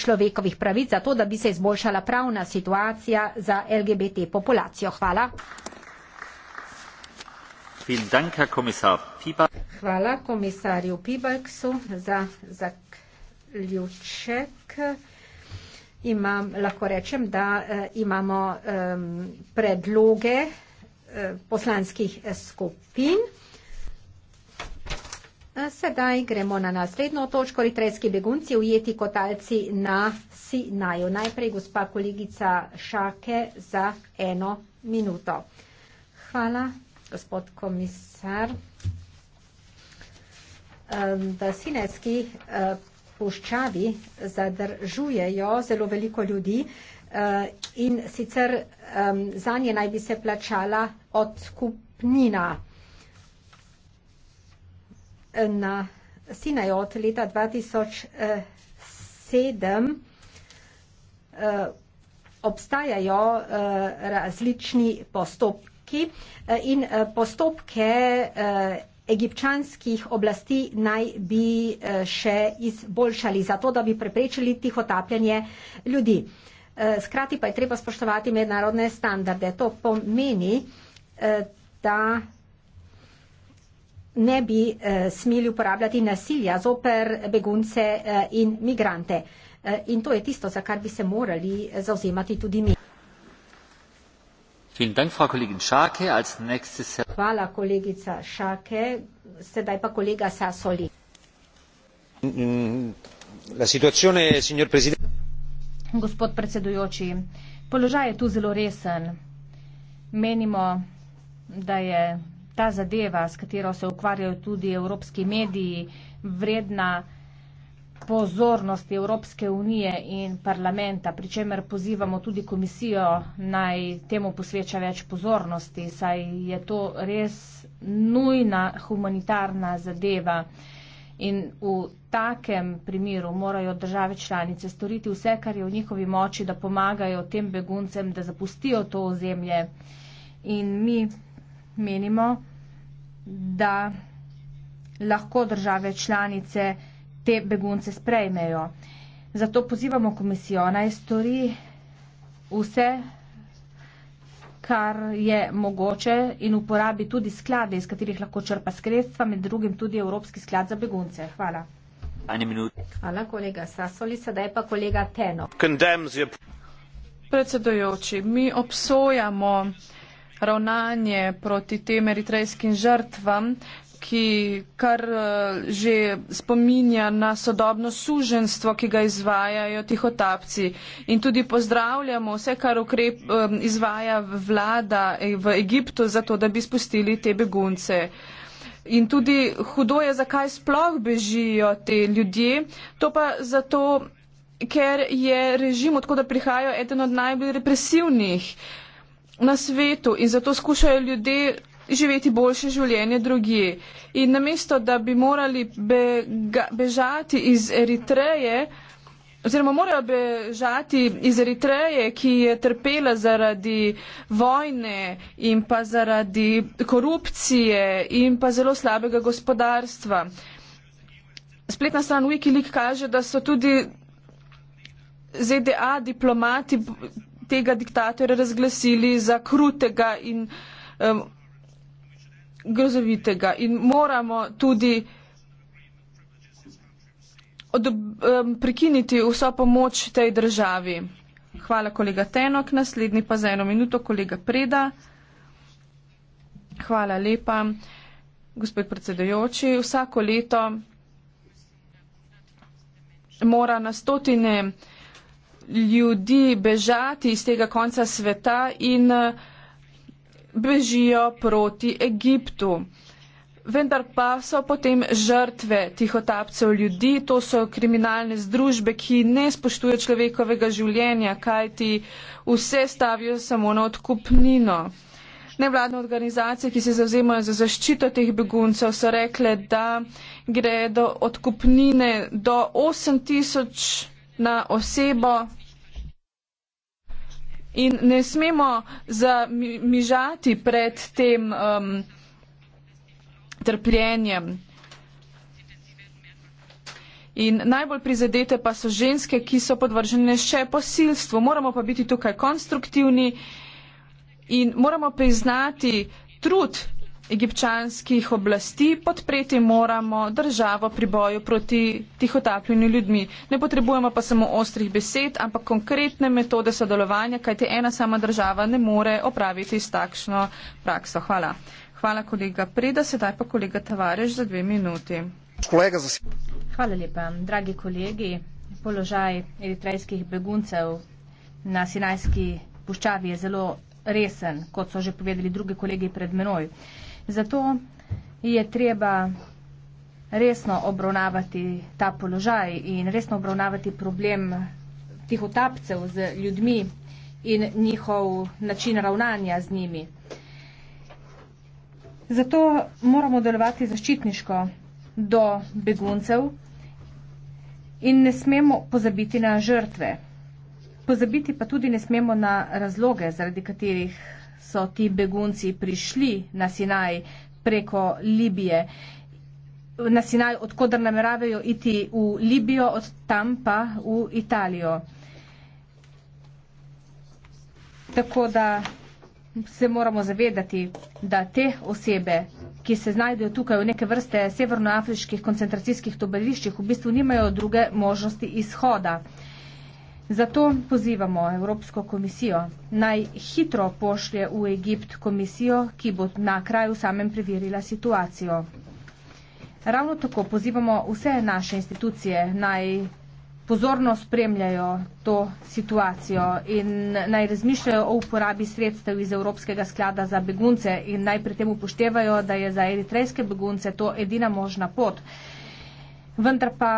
človekovih pravic, zato da bi se izboljšala pravna situacija za LGBT populacijo. Hvala. Dank, Hvala komisarju Pibaksu za zaključek. Imam, lahko rečem, da eh, imamo eh, predloge eh, poslanskih eh, skupin. Sedaj gremo na naslednjo točko. Litrejski begunci ujeti kot talci na Sinaju. Najprej gospa kolegica Šake za eno minuto. Hvala, gospod komisar. V Sinajski e, puščavi zadržujejo zelo veliko ljudi e, in sicer zanje naj bi se plačala odkupnina na Sinaju od leta 2007 eh, eh, obstajajo eh, različni postopki in postopke egipčanskih oblasti naj bi še izboljšali zato, da bi preprečili tihotapljanje ljudi. Skrati pa je treba spoštovati mednarodne standarde. To pomeni, da ne bi eh, smeli uporabljati nasilja zoper begunce eh, in migrante. Eh, in to je tisto, za kar bi se morali eh, zauzemati tudi mi. Hvala, kolegica Šake. Sedaj pa kolega Sasoli. Mm, Gospod predsedujoči, položaj je tu zelo resen. Menimo, da je ta zadeva, s katero se ukvarjajo tudi evropski mediji, vredna pozornosti Evropske unije in parlamenta, pri čemer pozivamo tudi komisijo naj temu posveča več pozornosti, saj je to res nujna humanitarna zadeva. In v takem primeru morajo države članice storiti vse, kar je v njihovi moči, da pomagajo tem beguncem, da zapustijo to ozemlje. In mi menimo, da lahko države članice te begunce sprejmejo. Zato pozivamo komisijo, naj stori vse, kar je mogoče in uporabi tudi sklade, iz katerih lahko črpa sredstva, med drugim tudi Evropski sklad za begunce. Hvala. Hvala, kolega Sasoli, sedaj pa kolega Teno. Predsedujoči, mi obsojamo ravnanje proti tem eritrejskim žrtvam, ki kar eh, že spominja na sodobno suženstvo, ki ga izvajajo tihotapci. In tudi pozdravljamo vse, kar ukrep, eh, izvaja vlada v Egiptu, zato da bi spustili te begunce. In tudi hudo je, zakaj sploh bežijo te ljudje. To pa zato, ker je režim, odkuda prihajajo, eden od najbolj represivnih na svetu in zato skušajo ljudje živeti boljše življenje drugje. In namesto, da bi morali bega, bežati iz Eritreje, oziroma morajo bežati iz Eritreje, ki je trpela zaradi vojne in pa zaradi korupcije in pa zelo slabega gospodarstva. Spletna stran Wikileaks kaže, da so tudi ZDA diplomati tega diktatorja razglasili za krutega in um, grozovitega. In moramo tudi od, um, prekiniti vso pomoč tej državi. Hvala kolega Tenok, naslednji pa za eno minuto kolega Preda. Hvala lepa, gospod predsedajoči. Vsako leto mora na stotine ljudi bežati iz tega konca sveta in eh, bežijo proti Egiptu. Vendar pa so potem žrtve tihotapcev ljudi, to so kriminalne združbe, ki ne spoštuje človekovega življenja, kaj ti vse stavijo samo na odkupnino. Nevladne organizacije, ki se zauzemajo za zaščito teh beguncev, so rekle, da gre do odkupnine do 8 tisoč na osebo In ne smemo zamižati pred tem um, trpljenjem. In najbolj prizadete pa so ženske, ki so podvržene še posilstvu. Moramo pa biti tukaj konstruktivni in moramo priznati trud egipčanskih oblasti, podpreti moramo državo pri boju proti tihotapljenju ljudmi. Ne potrebujemo pa samo ostrih besed, ampak konkretne metode sodelovanja, kajti ena sama država ne more opraviti s takšno prakso. Hvala. Hvala kolega Preda, sedaj pa kolega Tavarež za dve minuti. Hvala lepa. Dragi kolegi, položaj eritrejskih beguncev na Sinajski puščavi je zelo resen, kot so že povedali drugi kolegi pred menoj. Zato je treba resno obravnavati ta položaj in resno obravnavati problem tih otapcev z ljudmi in njihov način ravnanja z njimi. Zato moramo delovati zaščitniško do beguncev in ne smemo pozabiti na žrtve. Pozabiti pa tudi ne smemo na razloge, zaradi katerih so ti begunci prišli na Sinaj preko Libije. Na Sinaj, odkudar nameravajo iti v Libijo, od tam pa v Italijo. Tako da se moramo zavedati, da te osebe, ki se znajdejo tukaj v neke vrste severnoafriških koncentracijskih tobeliščih, v bistvu nimajo druge možnosti izhoda. Zato pozivamo Evropsko komisijo, naj hitro pošlje v Egipt komisijo, ki bo na kraju samem preverila situacijo. Ravno tako pozivamo vse naše institucije, naj pozorno spremljajo to situacijo in naj razmišljajo o uporabi sredstev iz Evropskega sklada za begunce in naj pri tem upoštevajo, da je za eritrejske begunce to edina možna pot. Vendar pa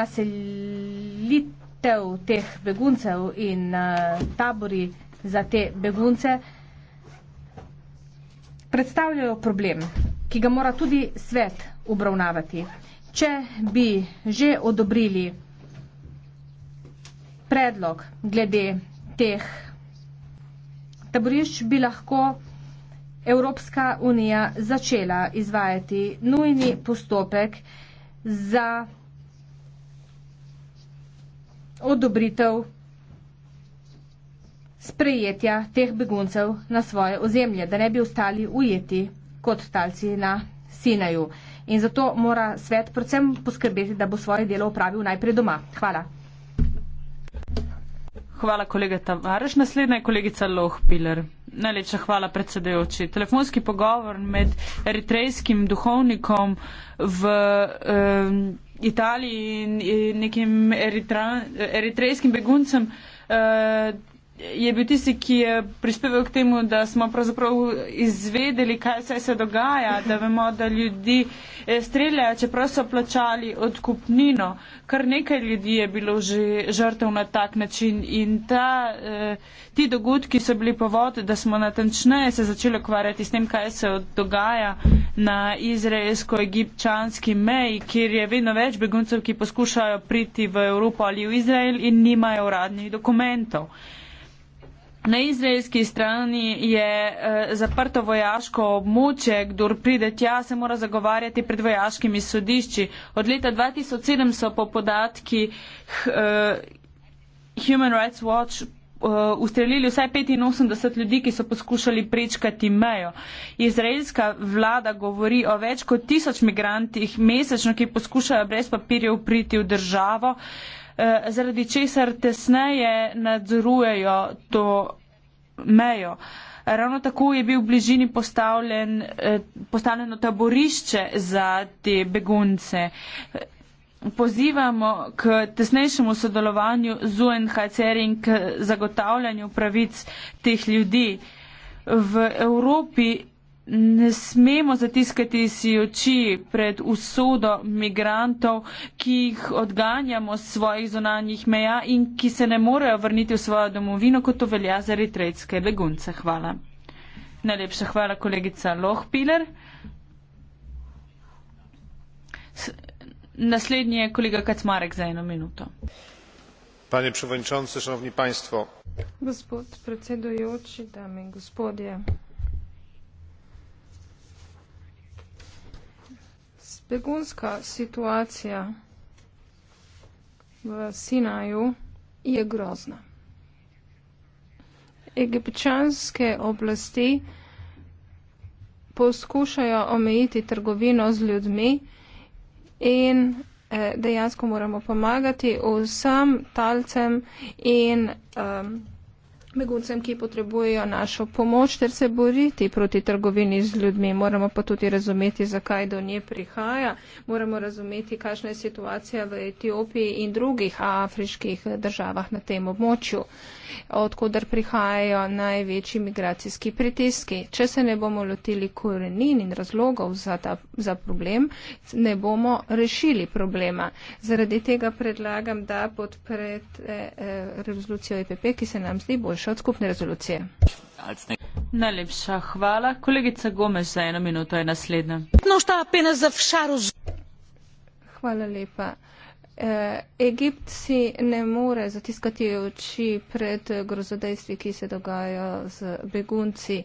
naselit vrnitev teh beguncev in uh, tabori za te begunce predstavljajo problem, ki ga mora tudi svet obravnavati. Če bi že odobrili predlog glede teh taborišč, bi lahko Evropska unija začela izvajati nujni postopek za odobritev sprejetja teh beguncev na svoje ozemlje, da ne bi ostali ujeti kot talci na Sinaju. In zato mora svet predvsem poskrbeti, da bo svoje delo upravil najprej doma. Hvala. Hvala, kolega Tavares. Naslednja je kolegica Lohpiller. Najlepša hvala, predsedujoči. Telefonski pogovor med eritrejskim duhovnikom v um, Italiji in, in nekim eritra, eritrejskim beguncem. Uh, je bil tisti, ki je prispeval k temu, da smo pravzaprav izvedeli, kaj vse se dogaja, da vemo, da ljudi eh, streljajo, čeprav so plačali odkupnino. Kar nekaj ljudi je bilo že žrtev na tak način in ta, eh, ti dogodki so bili povod, da smo natančneje se začeli ukvarjati s tem, kaj se dogaja na izraelsko-egipčanski meji, kjer je vedno več beguncev, ki poskušajo priti v Evropo ali v Izrael in nimajo uradnih dokumentov. Na izraelski strani je e, zaprto vojaško območje, kdor pride tja, se mora zagovarjati pred vojaškimi sodišči. Od leta 2007 so po podatkih e, Human Rights Watch eh, ustrelili vsaj 85 ljudi, ki so poskušali prečkati mejo. Izraelska vlada govori o več kot tisoč migrantih mesečno, ki poskušajo brez papirjev priti v državo. Uh, Eh, zaradi česar tesneje nadzorujejo to mejo. Ravno tako je bil v bližini postavljen, eh, postavljeno taborišče za te begunce. Pozivamo k tesnejšemu sodelovanju z UNHCR in k zagotavljanju pravic teh ljudi. V Evropi Ne smemo zatiskati si oči pred usodo migrantov, ki jih odganjamo z svojih zonanjih meja in ki se ne morejo vrniti v svojo domovino, kot to velja za eritrejske begunce. Hvala. Najlepša hvala, kolegica Lohpiler. Naslednji je kolega Kacmarek za eno minuto. Panie przewodniczący, szanowni państwo. Gospod predsedujoči, dame in gospodje, Begunska situacija v Sinaju je grozna. Egipčanske oblasti poskušajo omejiti trgovino z ljudmi in eh, dejansko moramo pomagati vsem talcem in um, beguncem, ki potrebujejo našo pomoč, ter se boriti proti trgovini z ljudmi. Moramo pa tudi razumeti, zakaj do nje prihaja. Moramo razumeti, kakšna je situacija v Etiopiji in drugih afriških državah na tem območju, odkudar prihajajo največji migracijski pritiski. Če se ne bomo lotili korenin in razlogov za, ta, za problem, ne bomo rešili problema. Zaradi tega predlagam, da podprete eh, eh rezolucijo EPP, ki se nam zdi boljša naše odskupne rezolucije. Najlepša hvala. Kolegica Gomez, za eno minuto je naslednja. Hvala lepa. E, Egipt si ne more zatiskati oči pred grozodejstvi, ki se dogajajo z begunci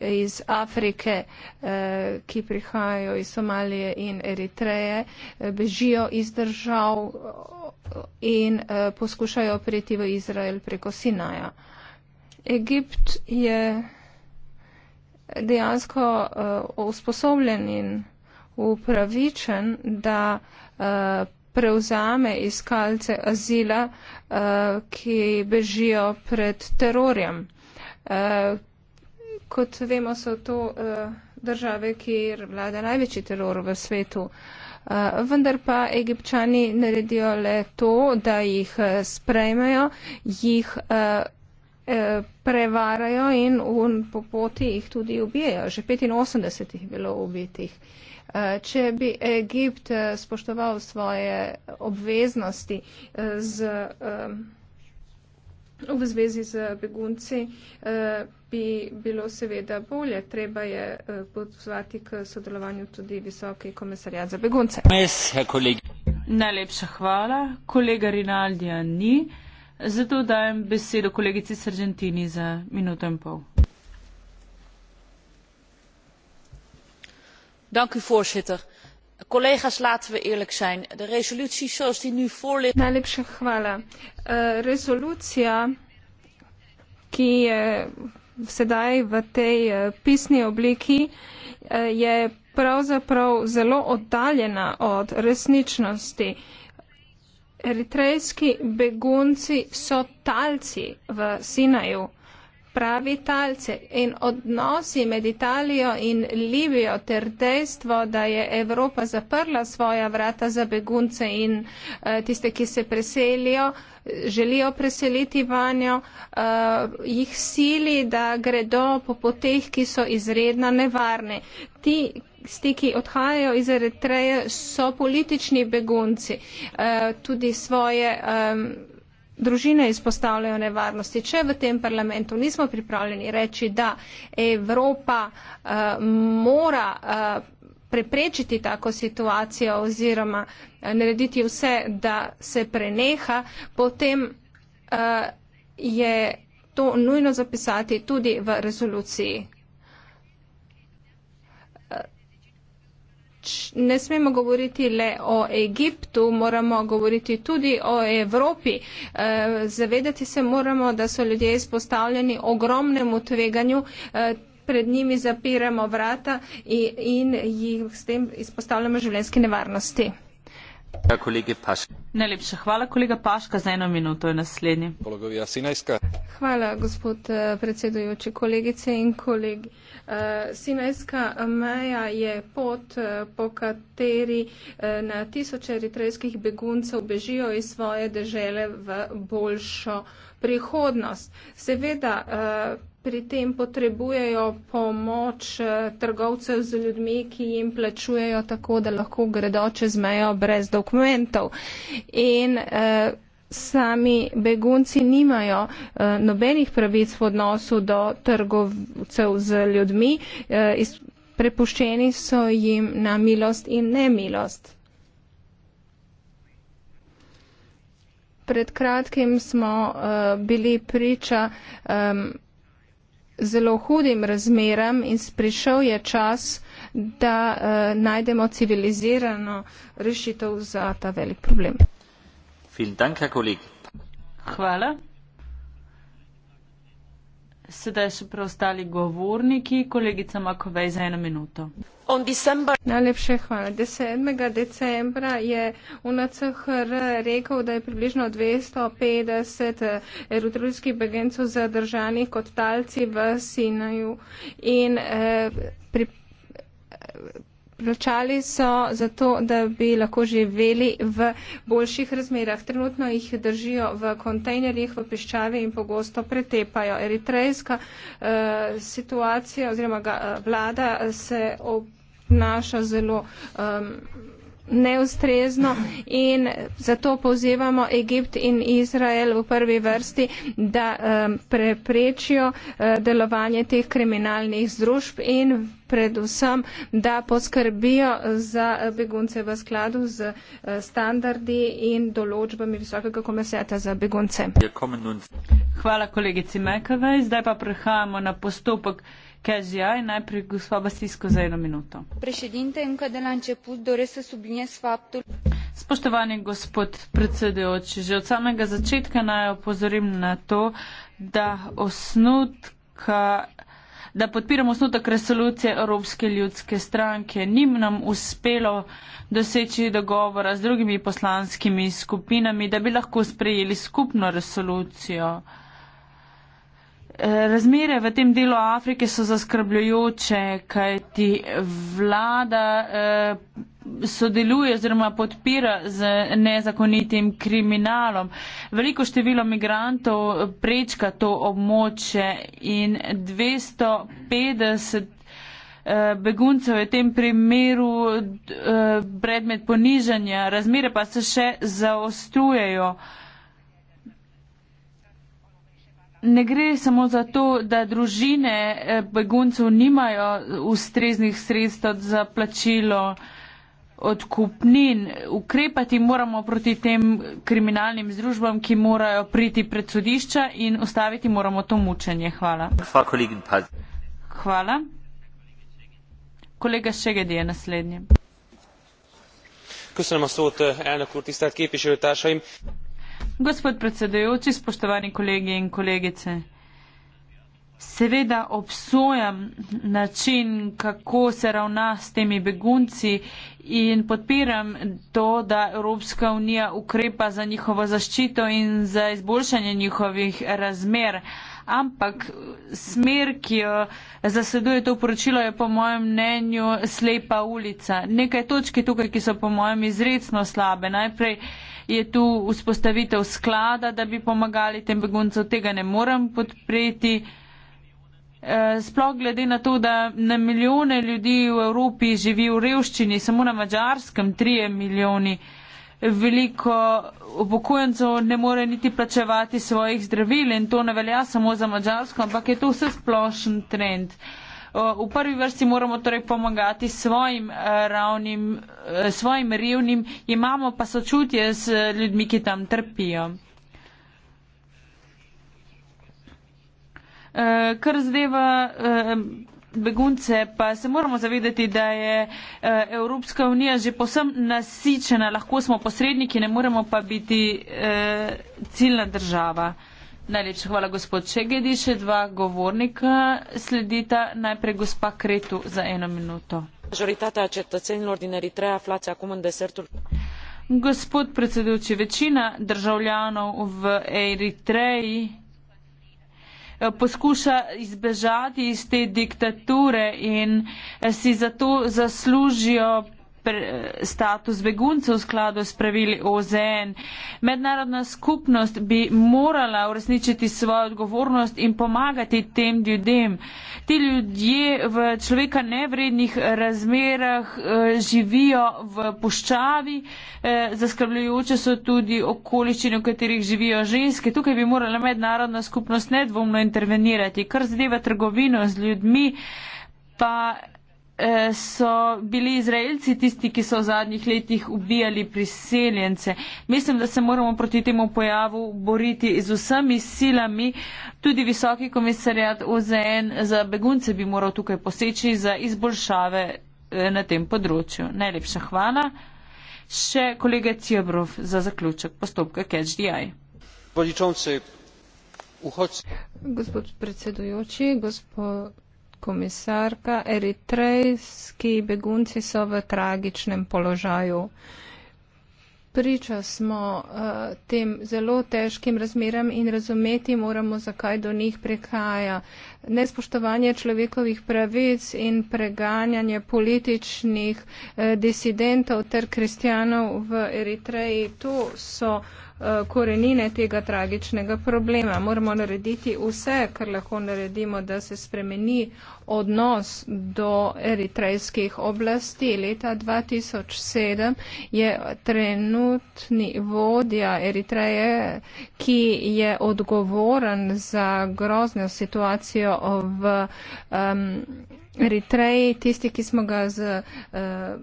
iz Afrike, e, ki prihajajo iz Somalije in Eritreje, e, bežijo iz držav in poskušajo priti v Izrael preko Sinaja. Egipt je dejansko uh, usposobljen in upravičen, da uh, prevzame iskalce azila, uh, ki bežijo pred terorjem. Uh, kot vemo, so to uh, države, kjer vlada največji teror v svetu. Uh, vendar pa egipčani naredijo le to, da jih uh, sprejmejo, jih uh, Eh, prevarajo in po poti jih tudi ubijajo. Že 85 jih je bilo ubitih. Eh, če bi Egipt eh, spoštoval svoje obveznosti z, v zvezi z begunci, bi bilo seveda bolje. Treba je pozvati k sodelovanju tudi visoki komisarjat za begunce. Najlepša hvala. Kolega Rinaldija ni. Zato dajem besedo kolegici Sargentini za minuto in pol. Dank u voorzitter. Collega's, laten we eerlijk zijn. De resolutie zoals die nu voor ligt. Najlepša hvala. Eh, resolucija, ki je sedaj v tej eh, pisni obliki, eh, je pravzaprav zelo oddaljena od resničnosti. Eritrejski begunci so talci v Sinaju, pravi talci. In odnosi med Italijo in Libijo ter dejstvo, da je Evropa zaprla svoja vrata za begunce in uh, tiste, ki se preselijo, želijo preseliti vanjo, uh, jih sili, da gredo po poteh, ki so izredno nevarne. Ti, tisti, ki odhajajo iz Eritreje, so politični begunci. Eh, tudi svoje družine izpostavljajo nevarnosti. Če v tem parlamentu nismo pripravljeni reči, da Evropa eh, mora eh, preprečiti tako situacijo oziroma narediti vse, da se preneha, potem je to nujno zapisati tudi v rezoluciji. ne smemo govoriti le o Egiptu, moramo govoriti tudi o Evropi. Eh, zavedati se moramo, da so ljudje izpostavljeni ogromnemu tveganju, eh, pred njimi zapiramo vrata in jih s tem izpostavljamo življenjske nevarnosti hvala kolega paka za eno minuto je naslednji hvala gospod eh, predsedujoči kolegice in kolegi eh, sinajska meja je pot eh, po kateri na tisoče eritrejskih beguncev bežijo iz svoje dežele v boljšo prihodnost seveda pri tem potrebujejo pomoč eh, trgovcev z ljudmi, ki jim plačujejo tako, da lahko gredo čez mejo brez dokumentov. In eh, sami begunci nimajo eh, nobenih pravic v odnosu do trgovcev z ljudmi, eh, iz, prepuščeni so jim na milost in nemilost. Pred kratkim smo uh, bili priča um, zelo hudim razmeram in prišel je čas, da uh, najdemo civilizirano rešitev za ta velik problem. Dank, Hvala. Sedaj še preostali govorniki, kolegica Makovej za eno minuto. December... Najlepše hvala. 10. decembra je UNCHR rekel, da je približno 250 erotrovskih begencov zadržanih kot talci v Sinaju in eh, pri plačali so zato, da bi lahko živeli v boljših razmerah. Trenutno jih držijo v kontejnerjih, v piščavi in pogosto pretepajo. Eritrejska eh, situacija oziroma ga, eh, vlada se obnaša zelo. Eh, neustrezno in zato pozivamo Egipt in Izrael v prvi vrsti, da um, preprečijo uh, delovanje teh kriminalnih združb in predvsem, da poskrbijo za uh, begunce v skladu z uh, standardi in določbami Visokega komisijata za begunce. Hvala kolegici Mekavej. Zdaj pa prehajamo na postopek. KGI, najprej gospa Basisko za eno minuto. Președinte, încă de la început doresc să subliniez faptul. Spoštovani gospod predsedujoči, že od samega začetka naj opozorim na to, da osnutka da podpiramo osnutek resolucije Evropske ljudske stranke. Nim nam uspelo doseči dogovora z drugimi poslanskimi skupinami, da bi lahko sprejeli skupno resolucijo. Uh, Razmere v tem delu Afrike so zaskrbljujoče, kajti vlada eh, sodeluje oziroma podpira z nezakonitim kriminalom. Veliko število migrantov prečka to območje in 250 eh, beguncev je v tem primeru eh, predmet ponižanja. Razmere pa se še zaostrujejo ne gre samo za to, da družine eh, beguncev nimajo ustreznih sredstev za plačilo odkupnin. Ukrepati moramo proti tem kriminalnim združbam, ki morajo priti pred sodišča in ustaviti moramo to mučenje. Hvala. Hvala. Kolega Šegedi je naslednji. Köszönöm a szót eh, elnök úr, tisztelt képviselőtársaim! Gospod predsedujoči, spoštovani kolegi in kolegice, seveda obsojam način, kako se ravna s temi begunci in podpiram to, da Evropska unija ukrepa za njihovo zaščito in za izboljšanje njihovih razmer ampak smer, ki jo zasleduje to poročilo, je po mojem mnenju slepa ulica. Nekaj točki tukaj, ki so po mojem izredno slabe. Najprej je tu vzpostavitev sklada, da bi pomagali tem beguncev, tega ne morem podpreti. Eh, sploh glede na to, da na milijone ljudi v Evropi živi v revščini, samo na mačarskem 3 milijoni ljudi veliko upokojencev ne more niti plačevati svojih zdravil in to ne velja samo za Mačarsko, ampak je to vse splošen trend. V prvi vrsti moramo torej pomagati svojim eh, ravnim, eh, svojim revnim, imamo pa sočutje z ljudmi, ki tam trpijo. Eh, kar zdaj v begunce, pa se moramo zavedati, da je eh, Evropska unija že posem nasičena, lahko smo posredniki, ne moremo pa biti eh, ciljna država. Najlepša hvala, gospod Čegedi, še dva govornika sledita, najprej gospa Kretu za eno minuto. Majoritata cetățenilor din Eritreea aflați acum în desertul. Gospod predsedujoči, večina državljanov v Eritreji Eh, poskuša izbežati iz te diktature in eh, si zato zaslužijo status beguncev v skladu s pravili OZN. Mednarodna skupnost bi morala uresničiti svojo odgovornost in pomagati tem ljudem. Ti ljudje v človeka nevrednih razmerah eh, živijo v puščavi, eh, zaskrbljujoče so tudi okoliščine, v katerih živijo ženske. Tukaj bi morala mednarodna skupnost nedvomno intervenirati. Kar zadeva trgovino z ljudmi, pa so bili Izraelci tisti, ki so v zadnjih letih ubijali priseljence. Mislim, da se moramo proti temu pojavu boriti z vsemi silami. Tudi visoki komisarjat OZN za begunce bi moral tukaj poseči za izboljšave eh, na tem področju. Najlepša hvala. Še kolega Cjebrov za zaključek postopka Catch the Eye. Gospod predsedujoči, gospod komisarka, eritrejski begunci so v tragičnem položaju. Priča smo uh, tem zelo težkim razmeram in razumeti moramo, zakaj do njih prihaja. Nespoštovanje človekovih pravic in preganjanje političnih uh, disidentov ter kristjanov v Eritreji, to so uh, Eh, korenine tega tragičnega problema. Moramo narediti vse, kar lahko naredimo, da se spremeni odnos do eritrejskih oblasti. Leta 2007 je trenutni vodja Eritreje, ki je odgovoren za grozno situacijo v um, Eritreji, tisti, ki smo ga z. Uh,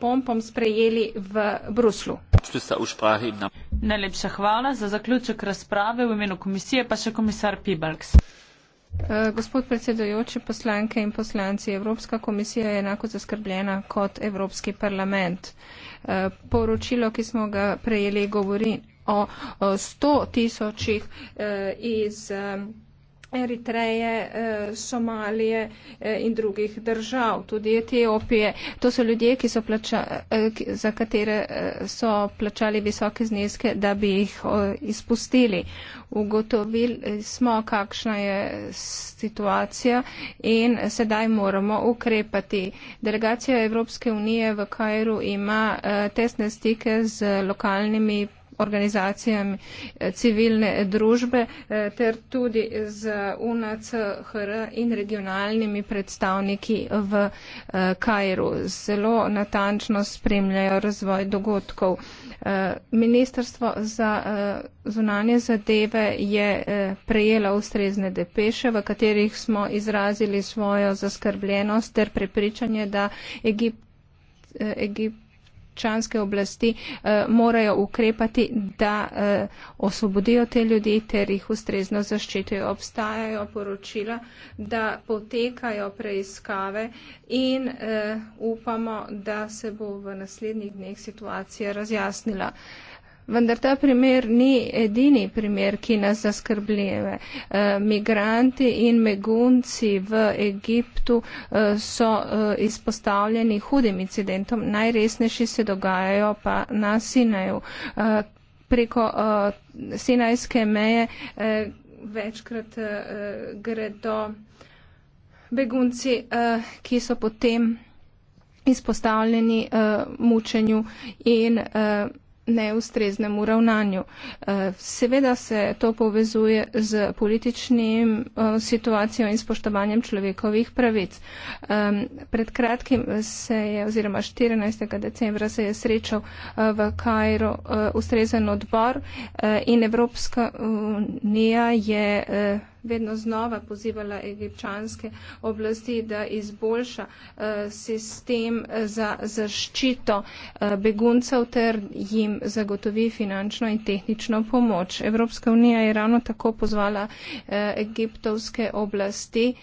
pompom sprejeli v Bruslu. Najlepša hvala. Za zaključek razprave v imenu komisije pa še komisar Pibalks. Eh, gospod predsedujoči, poslanke in poslanci, Evropska komisija je enako zaskrbljena kot Evropski parlament. Eh, poročilo, ki smo ga prejeli, govori o 100 tisočih eh, iz Eritreje, eh, Somalije eh, in drugih držav, tudi Etiopije. To so ljudje, so plača, eh, za katere so plačali visoke zneske, da bi jih izpustili. Ugotovili smo, kakšna je situacija in sedaj moramo ukrepati. Delegacija Evropske unije v Kajru ima tesne stike z lokalnimi organizacijami eh, civilne družbe eh, ter tudi z UNCHR in regionalnimi predstavniki v eh, Kajru. Zelo natančno spremljajo razvoj dogodkov. Ministrstvo za zunanje zadeve je prejela ustrezne depeše, v katerih smo izrazili svojo zaskrbljenost ter prepričanje, da Egipt, Egipt američanske oblasti eh, morajo ukrepati, da eh, osvobodijo te ljudi ter jih ustrezno zaščitijo. Obstajajo poročila, da potekajo preiskave in eh, upamo, da se bo v naslednjih dneh situacija razjasnila. Vendar ta primer ni edini primer, ki nas zaskrbljuje. Eh, migranti in begunci v Egiptu eh, so eh, izpostavljeni hudim incidentom. Najresnejši se dogajajo pa na Sinaju. Preko Sinajske meje večkrat gredo begunci, ki so potem izpostavljeni mučenju in neustreznemu ravnanju. Eh, seveda se to povezuje z političnim eh, situacijo in spoštovanjem človekovih pravic. Pred kratkim se je, oziroma 14. decembra se je srečal eh, v Kajro ustrezen odbor in Evropska unija je vedno znova pozivala egipčanske oblasti, da izboljša eh, sistem eh, za zaščito eh, beguncev ter jim zagotovi finančno in tehnično pomoč. Evropska unija je ravno tako pozvala egiptovske oblasti,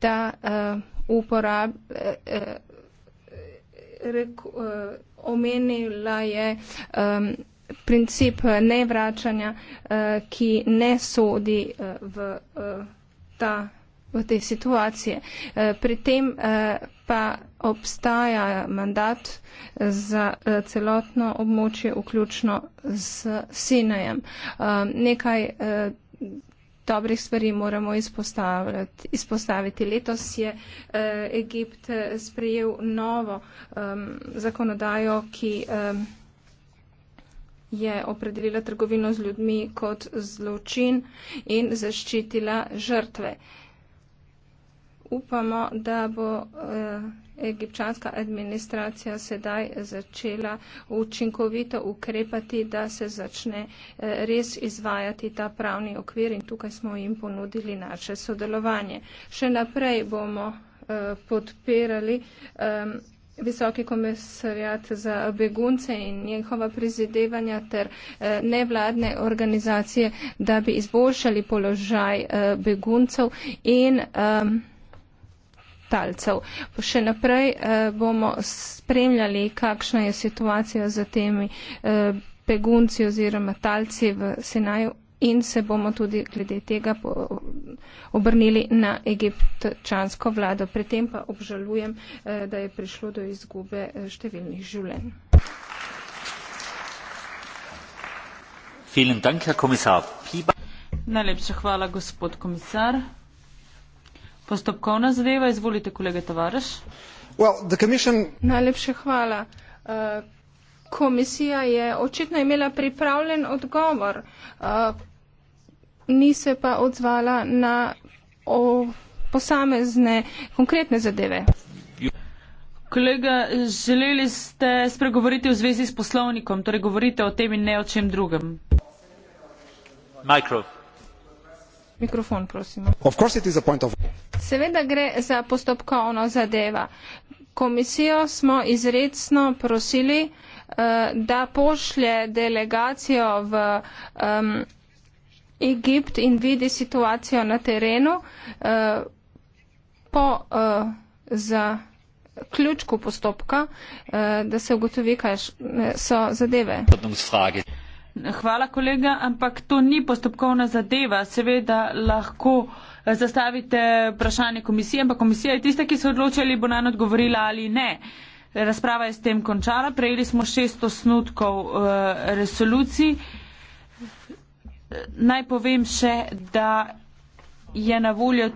da uporab. Reku, omenila je um, princip eh, nevračanja, eh, ki ne sodi eh, v, ta, v te situacije. Pri tem pa obstaja mandat za celotno območje, vključno s Sinajem. Nekaj dobrih stvari moramo izpostaviti. izpostaviti. Letos je Egipt sprejel novo zakonodajo, ki je opredelila trgovino z ljudmi kot zločin in zaščitila žrtve. Upamo, da bo eh, egipčanska administracija sedaj začela učinkovito ukrepati, da se začne eh, res izvajati ta pravni okvir in tukaj smo jim ponudili naše sodelovanje. Še naprej bomo eh, podpirali um, visoki komisarjat za begunce in njihova prizadevanja ter eh, nevladne organizacije, da bi izboljšali položaj eh, beguncev in um, talcev. Še naprej eh, bomo spremljali, kakšna je situacija za temi begunci oziroma talci v Sinaju in se bomo tudi glede tega obrnili na egiptčansko vlado. Predtem pa obžalujem, eh, da je prišlo do izgube eh, številnih življenj. Najlepša hvala, gospod komisar. Postopkovna zadeva, izvolite, kolega Tavares. Well, commission... Najlepša hvala. Uh, komisija je očitno imela pripravljen odgovor, eh, ni se pa odzvala na posamezne konkretne zadeve. Kolega, želeli ste spregovoriti v zvezi s poslovnikom, torej govorite o tem in ne o čem drugem. Mikro. Mikrofon, prosim. Of... Seveda gre za postopkovno zadeva. Komisijo smo izredno prosili, uh, Eh, da pošlje delegacijo v um, Egipt in vidi situacijo na terenu uh, po uh, eh, za ključku postopka, uh, da se ugotovi, kaj so zadeve. Hvala kolega, ampak to ni postopkovna zadeva. Seveda lahko zastavite vprašanje komisije, ampak komisija je tista, ki se odloča, ali bo nam odgovorila ali ne. Uh, Razprava je s tem končala. Prejeli smo šest osnutkov uh, resolucij. Naj povem še, da je na voljo.